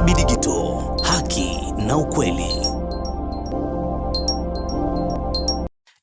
Kibidigito, haki na ukweli.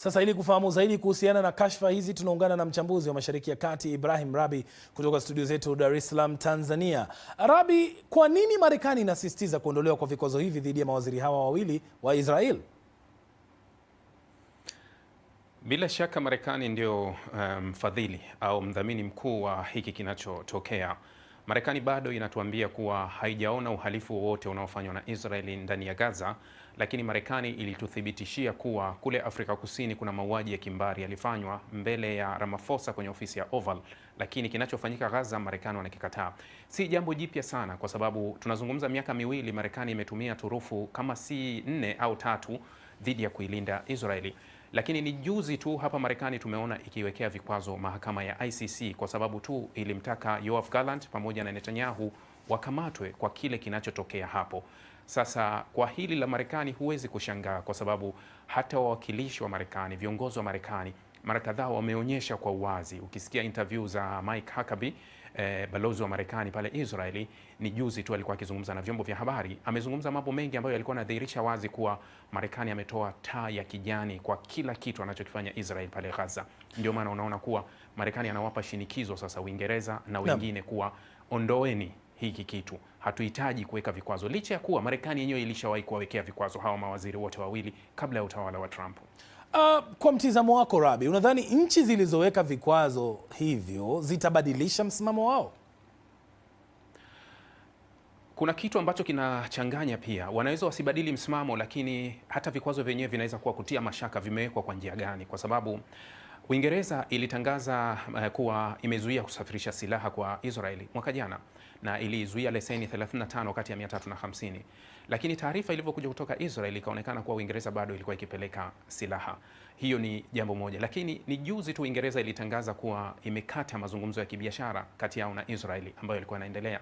Sasa ili kufahamu zaidi kuhusiana na kashfa hizi tunaungana na mchambuzi wa Mashariki ya Kati Ibrahim Rabi kutoka studio zetu Dar es Salaam, Tanzania. Rabi, kwa nini Marekani inasisitiza kuondolewa kwa vikwazo hivi dhidi ya mawaziri hawa wawili wa Israel? Bila shaka Marekani ndio eh, mfadhili um, au mdhamini mkuu wa hiki kinachotokea. Marekani bado inatuambia kuwa haijaona uhalifu wowote unaofanywa na Israeli ndani ya Gaza, lakini Marekani ilituthibitishia kuwa kule Afrika Kusini kuna mauaji ya kimbari yalifanywa mbele ya Ramaphosa kwenye ofisi ya Oval, lakini kinachofanyika Gaza Marekani wanakikataa. Si jambo jipya sana, kwa sababu tunazungumza miaka miwili Marekani imetumia turufu kama si nne au tatu dhidi ya kuilinda Israeli. Lakini ni juzi tu hapa Marekani tumeona ikiwekea vikwazo mahakama ya ICC kwa sababu tu ilimtaka Yoav Gallant pamoja na Netanyahu wakamatwe kwa kile kinachotokea hapo. Sasa kwa hili la Marekani huwezi kushangaa kwa sababu hata wawakilishi wa Marekani, viongozi wa Marekani mara kadhaa wameonyesha kwa uwazi, ukisikia interview za Mike Huckabee eh, balozi wa Marekani pale Israeli ni juzi tu alikuwa akizungumza na vyombo vya habari, amezungumza mambo mengi ambayo yalikuwa yanadhihirisha wazi kuwa Marekani ametoa taa ya kijani kwa kila kitu anachokifanya Israel pale Gaza. Ndio maana unaona kuwa Marekani anawapa shinikizo sasa Uingereza na wengine kuwa ondoeni hiki kitu, hatuhitaji kuweka vikwazo, licha ya kuwa Marekani yenyewe ilishawahi kuwawekea vikwazo hawa mawaziri wote wawili kabla ya utawala wa Trump. Uh, kwa mtizamo wako Rabi, unadhani nchi zilizoweka vikwazo hivyo zitabadilisha msimamo wao? Kuna kitu ambacho kinachanganya pia, wanaweza wasibadili msimamo, lakini hata vikwazo vyenyewe vinaweza kuwa kutia mashaka vimewekwa kwa njia gani, kwa sababu Uingereza ilitangaza eh, kuwa imezuia kusafirisha silaha kwa Israeli mwaka jana na ilizuia leseni 35 kati ya 350, lakini taarifa ilivyokuja kutoka Israeli ikaonekana kuwa Uingereza bado ilikuwa ikipeleka silaha. Hiyo ni jambo moja, lakini ni juzi tu Uingereza ilitangaza kuwa imekata mazungumzo ya kibiashara kati yao na Israeli ambayo ilikuwa inaendelea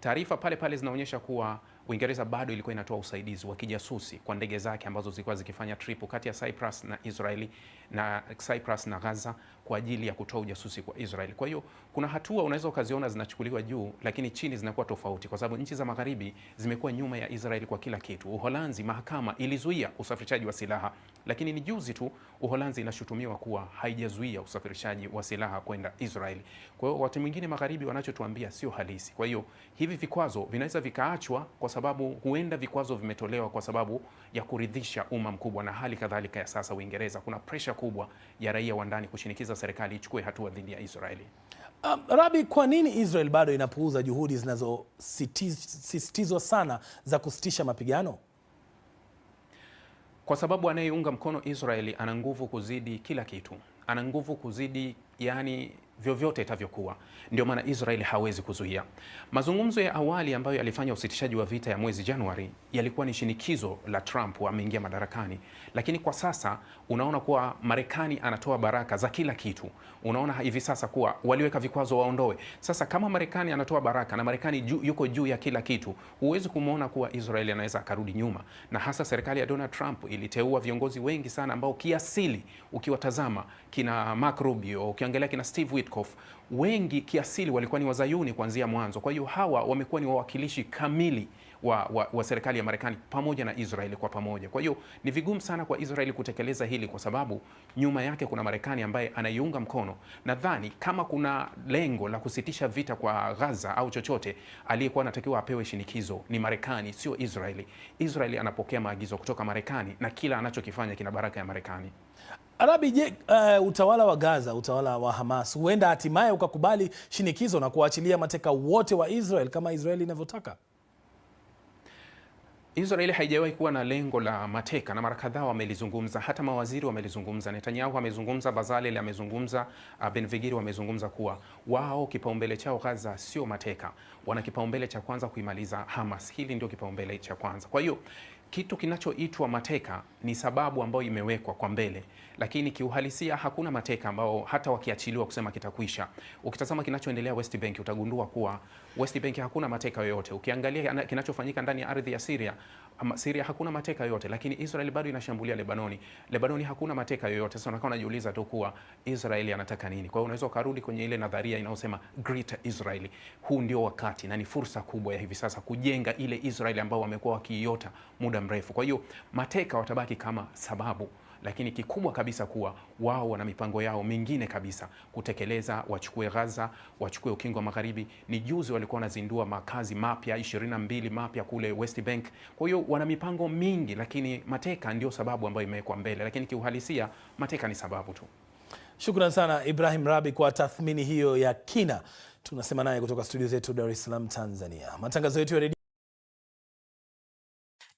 Taarifa pale pale zinaonyesha kuwa Uingereza bado ilikuwa inatoa usaidizi wa kijasusi kwa ndege zake ambazo zilikuwa zikifanya tripu kati ya Cyprus na Israeli na Cyprus na Gaza kwa ajili ya kutoa ujasusi kwa Israeli. Kwa hiyo kuna hatua unaweza ukaziona zinachukuliwa juu, lakini chini zinakuwa tofauti, kwa sababu nchi za magharibi zimekuwa nyuma ya Israeli kwa kila kitu. Uholanzi, mahakama ilizuia usafirishaji wa silaha, lakini ni juzi tu Uholanzi inashutumiwa kuwa haijazuia usafirishaji wa silaha kwenda Israeli. Kwa hiyo watu mwingine magharibi wanachotuambia sio halisi. Kwa hiyo hivi vikwazo vinaweza vikaachwa kwa sababu huenda vikwazo vimetolewa kwa sababu ya kuridhisha umma mkubwa, na hali kadhalika ya sasa Uingereza kuna presha kubwa ya raia wa ndani kushinikiza serikali ichukue hatua dhidi ya Israeli. Um, Rabi, kwa nini Israel bado inapuuza juhudi zinazosisitizwa sana za kusitisha mapigano? Kwa sababu anayeunga mkono Israeli ana nguvu kuzidi kila kitu, ana nguvu kuzidi yani vyovyote itavyokuwa. Ndio maana Israeli hawezi kuzuia. Mazungumzo ya awali ambayo yalifanya usitishaji wa vita ya mwezi Januari yalikuwa ni shinikizo la Trump ameingia madarakani, lakini kwa sasa unaona kuwa Marekani anatoa baraka za kila kitu. Unaona hivi sasa kuwa waliweka vikwazo waondoe. Sasa kama Marekani anatoa baraka na Marekani ju, yuko juu ya kila kitu, huwezi kumwona kuwa Israeli anaweza akarudi nyuma, na hasa serikali ya Donald Trump iliteua viongozi wengi sana ambao kiasili ukiwatazama kina Mark Rubio, ukiangalia kina Steve Witt, Ditkov wengi kiasili walikuwa ni wazayuni kuanzia mwanzo. Kwa hiyo hawa wamekuwa ni wawakilishi kamili wa, wa, wa serikali ya Marekani pamoja na Israeli kwa pamoja. Kwa hiyo ni vigumu sana kwa Israeli kutekeleza hili kwa sababu nyuma yake kuna Marekani ambaye anaiunga mkono. Nadhani kama kuna lengo la kusitisha vita kwa Gaza au chochote, aliyekuwa anatakiwa apewe shinikizo ni Marekani, sio Israeli. Israeli anapokea maagizo kutoka Marekani na kila anachokifanya kina baraka ya Marekani. Arabi, je, uh, utawala wa Gaza, utawala wa Hamas huenda hatimaye ukakubali shinikizo na kuwaachilia mateka wote wa Israel kama Israeli inavyotaka? Israeli haijawahi kuwa na lengo la mateka, na mara kadhaa wamelizungumza, hata mawaziri wamelizungumza. Netanyahu amezungumza, Bazalel amezungumza, uh, Benvigiri wamezungumza kuwa wao kipaumbele chao Gaza sio mateka, wana kipaumbele cha kwanza kuimaliza Hamas. Hili ndio kipaumbele cha kwanza. Kwa hiyo kitu kinachoitwa mateka ni sababu ambayo imewekwa kwa mbele, lakini kiuhalisia hakuna mateka ambao hata wakiachiliwa kusema kitakwisha. Ukitazama kinachoendelea West Bank utagundua kuwa West Bank hakuna mateka yoyote. Ukiangalia kinachofanyika ndani ya ardhi ya Syria, Syria hakuna mateka yoyote, lakini Israel bado inashambulia Lebanoni. Lebanoni hakuna mateka yoyote. Sasa unakaa unajiuliza tu kuwa Israeli anataka nini? Kwa hiyo unaweza ukarudi kwenye ile nadharia inayosema greater Israel. Huu ndio wakati na ni fursa kubwa ya hivi sasa kujenga ile Israeli ambao wamekuwa wakiiota muda mrefu. Kwa hiyo mateka watabaki kama sababu lakini kikubwa kabisa kuwa wao wana mipango yao mingine kabisa kutekeleza, wachukue Gaza, wachukue ukingo wa magharibi. Ni juzi walikuwa wanazindua makazi mapya 22 mapya kule West Bank. Kwa hiyo wana mipango mingi, lakini mateka ndio sababu ambayo imewekwa mbele, lakini kiuhalisia mateka ni sababu tu. Shukran sana Ibrahim Rabi kwa tathmini hiyo ya kina. Tunasema naye kutoka studio zetu Dar es Salaam, Tanzania. Matangazo yetu ya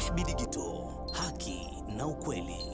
Mashbi Digital, haki na ukweli.